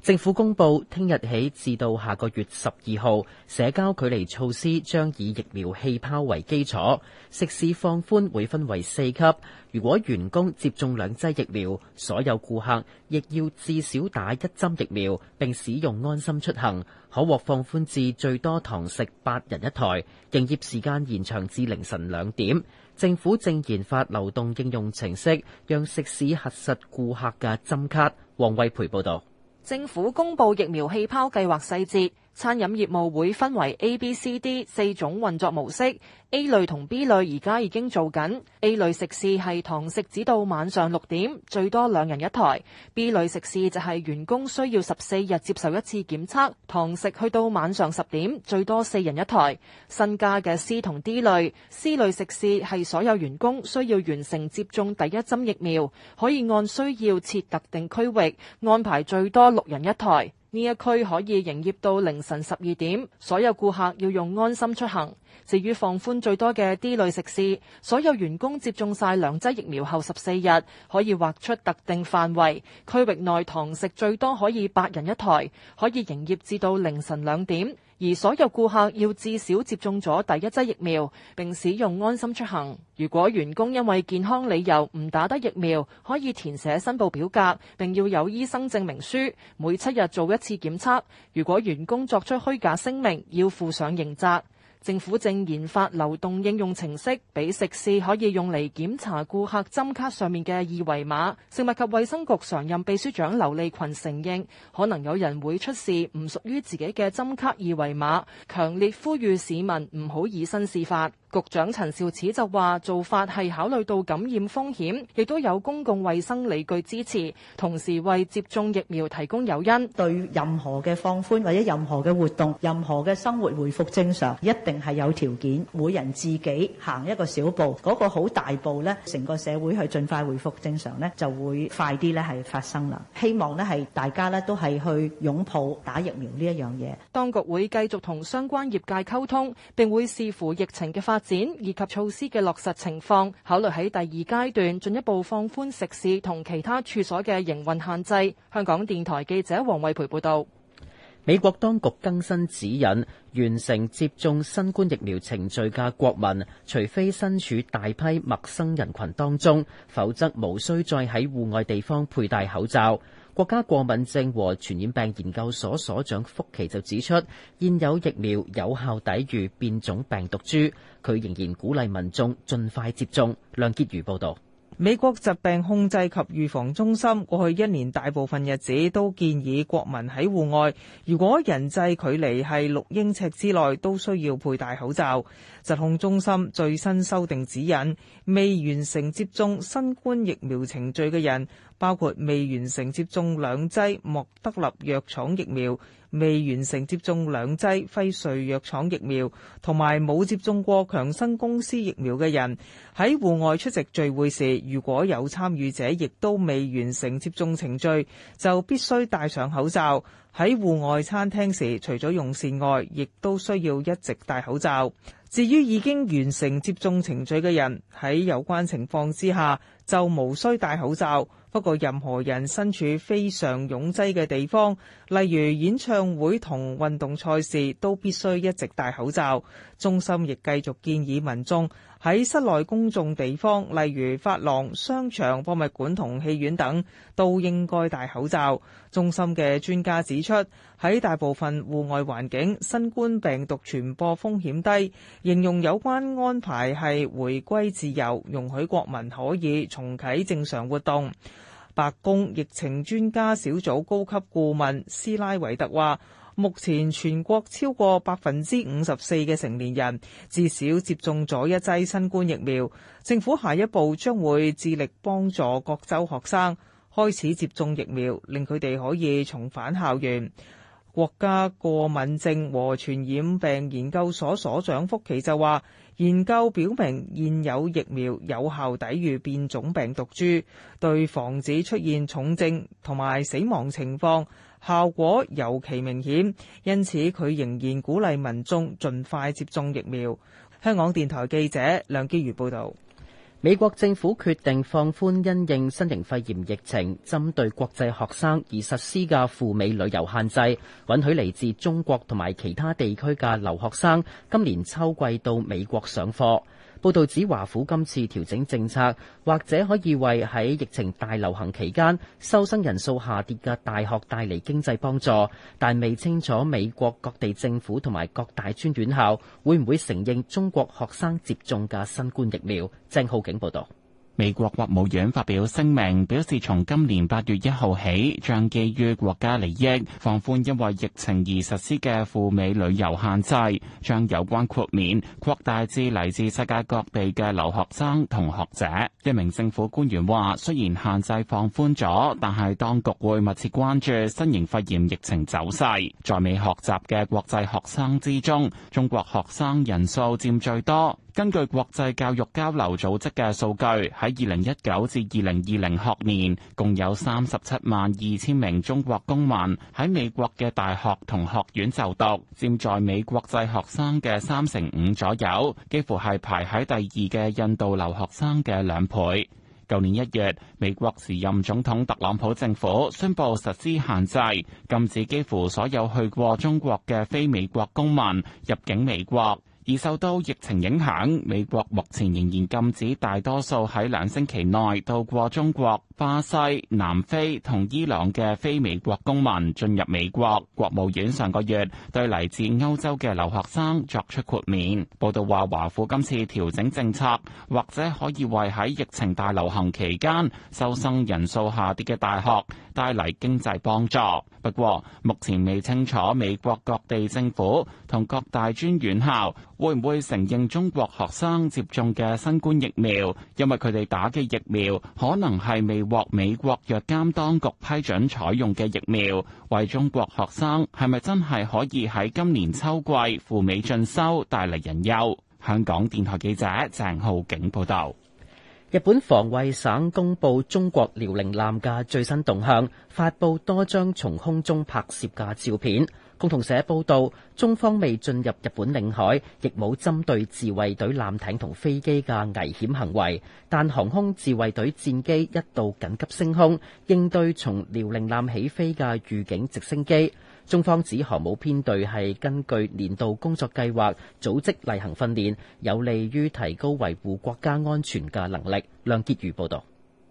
政府公布，聽日起至到下個月十二號，社交距離措施將以疫苗氣泡為基礎。食肆放寬會分為四級。如果員工接種兩劑疫苗，所有顧客亦要至少打一針疫苗，並使用安心出行，可獲放寬至最多堂食八人一台，營業時間延長至凌晨兩點。政府正研發流動應用程式，讓食肆核實顧客嘅針卡。黃惠培報道。政府公布疫苗氣泡計劃細節。餐飲業務會分為 A、B、C、D 四種運作模式。A 類同 B 類而家已經做緊。A 類食肆係堂食，只到晚上六點，最多兩人一台。B 類食肆就係員工需要十四日接受一次檢測，堂食去到晚上十點，最多四人一台。新加嘅 C 同 D 類，C 類食肆係所有員工需要完成接種第一針疫苗，可以按需要設特定區域安排最多六人一台。呢一區可以營業到凌晨十二點，所有顧客要用安心出行。至於放寬最多嘅 D 類食肆，所有員工接種晒兩劑疫苗後十四日，可以劃出特定範圍。區域內堂食最多可以八人一台，可以營業至到凌晨兩點。而所有顧客要至少接種咗第一劑疫苗，並使用安心出行。如果員工因為健康理由唔打得疫苗，可以填寫申報表格，並要有醫生證明書，每七日做一次檢測。如果員工作出虛假聲明，要負上刑責。政府正研發流動應用程式，俾食肆可以用嚟檢查顧客針卡上面嘅二維碼。食物及衛生局常任秘書長劉利群承認，可能有人會出示唔屬於自己嘅針卡二維碼，強烈呼籲市民唔好以身試法。局長陳肇始就話：做法係考慮到感染風險，亦都有公共衛生理據支持，同時為接種疫苗提供誘因。對任何嘅放寬或者任何嘅活動、任何嘅生活回復正常，一定係有條件。每人自己行一個小步，嗰、那個好大步呢，成個社會去盡快回復正常呢，就會快啲呢，係發生啦。希望呢係大家呢都係去擁抱打疫苗呢一樣嘢。當局會繼續同相關業界溝通，並會視乎疫情嘅發發展以及措施嘅落實情況，考慮喺第二階段進一步放寬食肆同其他處所嘅營運限制。香港電台記者黃惠培報道。美國當局更新指引，完成接種新冠疫苗程序嘅國民，除非身處大批陌生人群當中，否則無需再喺戶外地方佩戴口罩。國家過敏症和傳染病研究所所長福奇就指出，現有疫苗有效抵禦變種病毒株，佢仍然鼓勵民眾盡快接種。梁潔如報導，美國疾病控制及預防中心過去一年大部分日子都建議國民喺戶外，如果人際距離係六英尺之內，都需要佩戴口罩。疾控中心最新修訂指引，未完成接種新冠疫苗程序嘅人。包括未完成接種兩劑莫德納藥廠疫苗、未完成接種兩劑輝瑞藥廠疫苗，同埋冇接種過強生公司疫苗嘅人，喺戶外出席聚會時，如果有參與者亦都未完成接種程序，就必須戴上口罩。喺戶外餐廳時，除咗用膳外，亦都需要一直戴口罩。至於已經完成接種程序嘅人，喺有關情況之下，就無需戴口罩。不過，任何人身處非常擁擠嘅地方，例如演唱會同運動賽事，都必須一直戴口罩。中心亦繼續建議民眾。喺室內公眾地方，例如髮廊、商場、博物館同戲院等，都應該戴口罩。中心嘅專家指出，喺大部分戶外環境，新冠病毒傳播風險低，形容有關安排係回歸自由，容許國民可以重啟正常活動。白宮疫情專家小組高級顧問斯拉維特話。目前全國超過百分之五十四嘅成年人至少接種咗一劑新冠疫苗。政府下一步將會致力幫助各州學生開始接種疫苗，令佢哋可以重返校園。國家過敏症和傳染病研究所所長福奇就話，研究表明現有疫苗有效抵禦變種病毒株，對防止出現重症同埋死亡情況，效果尤其明顯，因此佢仍然鼓勵民眾盡快接種疫苗。香港電台記者梁基如報道，美國政府決定放寬因應新型肺炎疫情，針對國際學生而實施嘅赴美旅遊限制，允許嚟自中國同埋其他地區嘅留學生今年秋季到美國上課。報道指華府今次調整政策，或者可以為喺疫情大流行期間收生人數下跌嘅大學帶嚟經濟幫助，但未清楚美國各地政府同埋各大專院校會唔會承認中國學生接種嘅新冠疫苗。鄭浩景報道。美國國務院發表聲明，表示從今年八月一號起，將基於國家利益放寬因為疫情而實施嘅赴美旅遊限制，將有關豁免擴大至嚟自世界各地嘅留學生同學者。一名政府官員話：雖然限制放寬咗，但係當局會密切關注新型肺炎疫情走勢。在美學習嘅國際學生之中，中國學生人數佔最多。根據國際教育交流組織嘅數據，喺二零一九至二零二零學年，共有三十七萬二千名中國公民喺美國嘅大學同學院就讀，佔在美國際學生嘅三成五左右，幾乎係排喺第二嘅印度留學生嘅兩倍。舊年一月，美國時任總統特朗普政府宣布實施限制，禁止幾乎所有去過中國嘅非美國公民入境美國。而受到疫情影響，美國目前仍然禁止大多數喺兩星期內到過中國、巴西、南非同伊朗嘅非美國公民進入美國。國務院上個月對嚟自歐洲嘅留學生作出豁免。報道話，華府今次調整政策，或者可以為喺疫情大流行期間收生人數下跌嘅大學帶嚟經濟幫助。不過，目前未清楚美國各地政府同各大專院校會唔會承認中國學生接種嘅新冠疫苗，因為佢哋打嘅疫苗可能係未獲美國藥監當局批准採用嘅疫苗。為中國學生係咪真係可以喺今年秋季赴美進修，帶嚟隱憂？香港電台記者鄭浩景報道。日本防衛省公布中國遼寧艦嘅最新動向，發佈多張從空中拍攝嘅照片。共同社報道，中方未進入日本領海，亦冇針對自衛隊艦艇同飛機嘅危險行為，但航空自衛隊戰機一度緊急升空，應對從遼寧艦起飛嘅預警直升機。中方指航母編隊係根據年度工作計劃組織例行訓練，有利於提高維護國家安全嘅能力。梁潔如報道，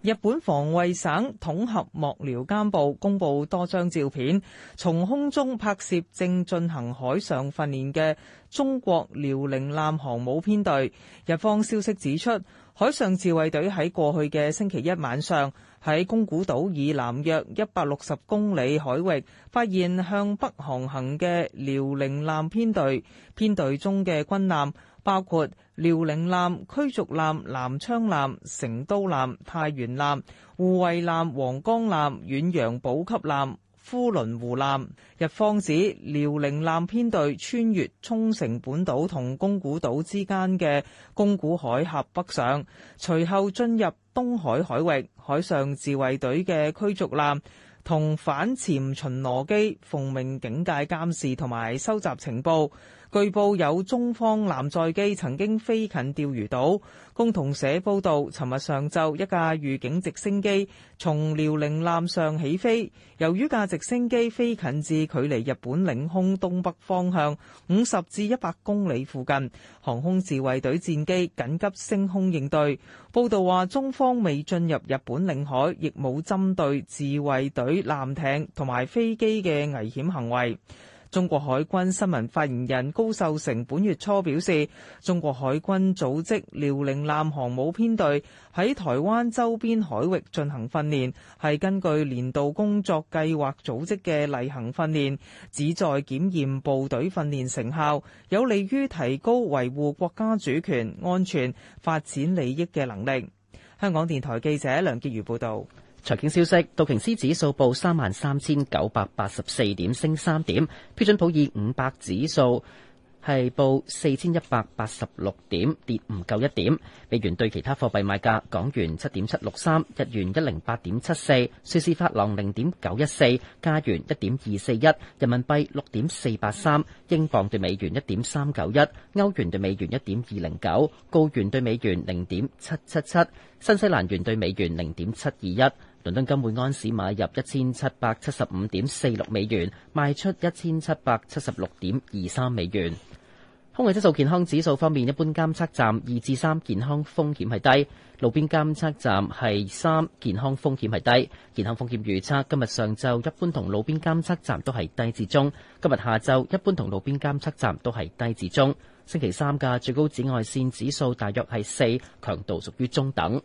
日本防衛省統合幕僚監部公布多張照片，從空中拍攝正進行海上訓練嘅中國遼寧艦航母編隊。日方消息指出，海上自衛隊喺過去嘅星期一晚上，喺宮古島以南約一百六十公里海域，發現向北航行嘅遼寧艦編隊，編隊中嘅軍艦包括遼寧艦、驅逐艦、南昌艦、成都艦、太原艦、護衛艦、黃岡艦、遠洋補給艦呼倫湖艦。日方指，遼寧艦編隊穿越沖繩本島同宮古島之間嘅宮古海峽北上，隨後進入東海海域，海上自衛隊嘅驅逐艦同反潛巡邏機奉命警戒監視同埋收集情報。據報有中方艦載機曾經飛近釣魚島。共同社報導，尋日上晝一架預警直升機從遼寧艦上起飛，由於架直升機飛近至距離日本領空東北方向五十至一百公里附近，航空自衛隊戰機緊急升空應對。報導話，中方未進入日本領海，亦冇針對自衛隊艦艇同埋飛機嘅危險行為。中國海軍新聞發言人高秀成本月初表示，中國海軍組織遼寧艦航母編隊喺台灣周邊海域進行訓練，係根據年度工作計劃組織嘅例行訓練，旨在檢驗部隊訓練成效，有利於提高維護國家主權、安全、發展利益嘅能力。香港電台記者梁潔如報道。財經消息，道瓊斯指數報三萬三千九百八十四點，升三點；標準普爾五百指數係報四千一百八十六點，跌唔夠一點。美元對其他貨幣賣價：港元七點七六三，日元一零八點七四，瑞士法郎零點九一四，加元一點二四一，人民幣六點四八三，英鎊對美元一點三九一，歐元對美元一點二零九，澳元對美元零點七七七，新西蘭元對美元零點七二一。倫敦金每安士買入一千七百七十五點四六美元，賣出一千七百七十六點二三美元。空氣質素健康指數方面，一般監測站二至三健康風險係低，路邊監測站係三健康風險係低。健康風險預測今日上晝一般同路邊監測站都係低至中，今日下晝一般同路邊監測站都係低至中。星期三嘅最高紫外線指數大約係四，強度屬於中等。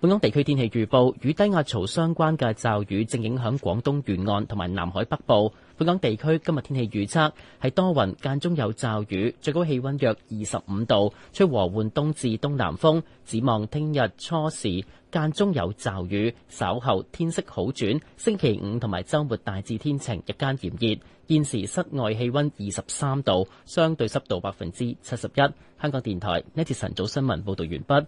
本港地區天氣預報，與低壓槽相關嘅驟雨正影響廣東沿岸同埋南海北部。本港地區今日天氣預測係多雲，間中有驟雨，最高氣温約二十五度，吹和緩東至東南風。展望聽日初時間中有驟雨，稍後天色好轉，星期五同埋周末大致天晴，日間炎熱。現時室外氣温二十三度，相對濕度百分之七十一。香港電台呢節晨早新聞報導完畢。